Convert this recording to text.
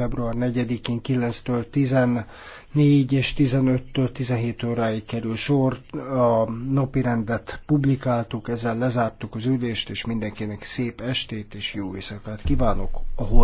február 4-én 9-től 14 és 15-től 17 óráig kerül sor. A napi rendet publikáltuk, ezzel lezártuk az ülést, és mindenkinek szép estét és jó éjszakát kívánok, ahol